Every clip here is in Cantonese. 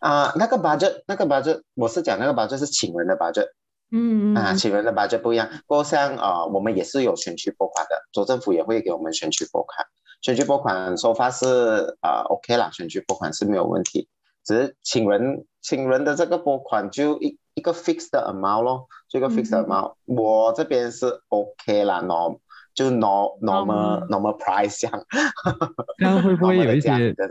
啊、呃，那個 budget，那個 budget，我是講那個 budget 是請人的 budget，嗯，啊、呃，請人的 budget 不一樣。不過像啊、呃，我們也是有選區撥款的，州政府也會給我們選區撥款，選區撥款 so far 是啊、呃、，OK 啦，選區撥款是沒有問題，只是請人請人的這個撥款就一一個 fixed amount 咯，就一個 fixed amount，、嗯、我這邊是 OK 啦，norm 就 norm normal normal price，咁會唔會以為真真？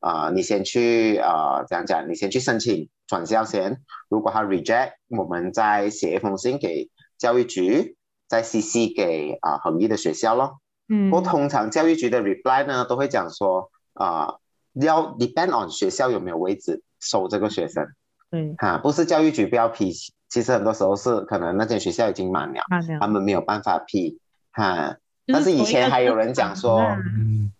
啊、呃，你先去啊，這、呃、樣講，你先去申請轉校先。如果他 reject，我們再寫一封信給教育局，再 CC 給啊恆一的學校咯。嗯。不過通常教育局的 reply 呢，都會講說啊、呃，要 depend on 學校有沒有位置收這個學生。嗯哈。不是教育局不要批，其實很多時候是可能那間學校已經滿了，了他們沒有辦法批哈。但是以前還有人講說，嗯。